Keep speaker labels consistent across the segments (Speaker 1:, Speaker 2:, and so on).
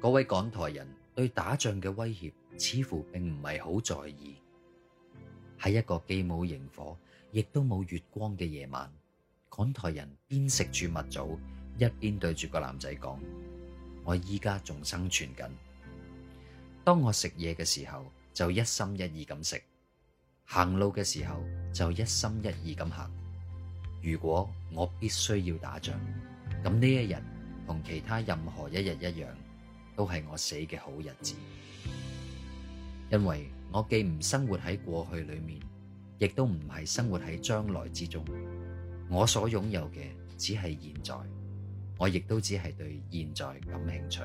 Speaker 1: 嗰位港台人對打仗嘅威脅似乎並唔係好在意。喺一個既冇螢火，亦都冇月光嘅夜晚，港台人邊食住蜜棗，一邊對住個男仔講：我依家仲生存緊。當我食嘢嘅時候，就一心一意咁食；行路嘅時候，就一心一意咁行。如果我必須要打仗，咁呢一日同其他任何一日一樣，都係我死嘅好日子，因為我既唔生活喺過去裏面，亦都唔係生活喺將來之中。我所擁有嘅只係現在，我亦都只係對現在感興趣。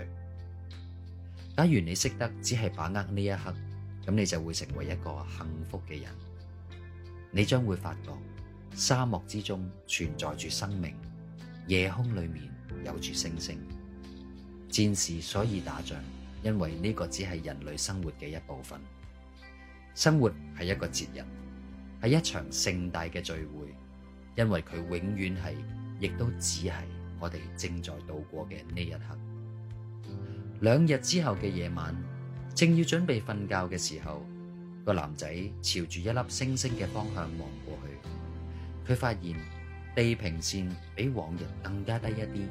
Speaker 1: 假如你識得只係把握呢一刻，咁你就會成為一個幸福嘅人。你將會發覺，沙漠之中存在住生命，夜空裏面有住星星。戰士所以打仗，因為呢個只係人類生活嘅一部分。生活係一個節日，係一場盛大嘅聚會，因為佢永遠係，亦都只係我哋正在度過嘅呢一刻。兩日之後嘅夜晚，正要準備瞓覺嘅時候，個男仔朝住一粒星星嘅方向望過去，佢發現地平線比往日更加低一啲。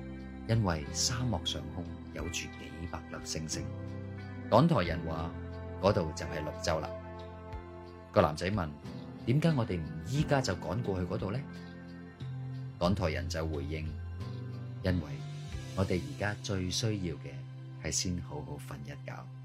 Speaker 1: 因為沙漠上空有住幾百粒星星，港台人話嗰度就係綠洲啦。個男仔問：點解我哋唔依家就趕過去嗰度呢？港台人就回應：因為我哋而家最需要嘅係先好好瞓一覺。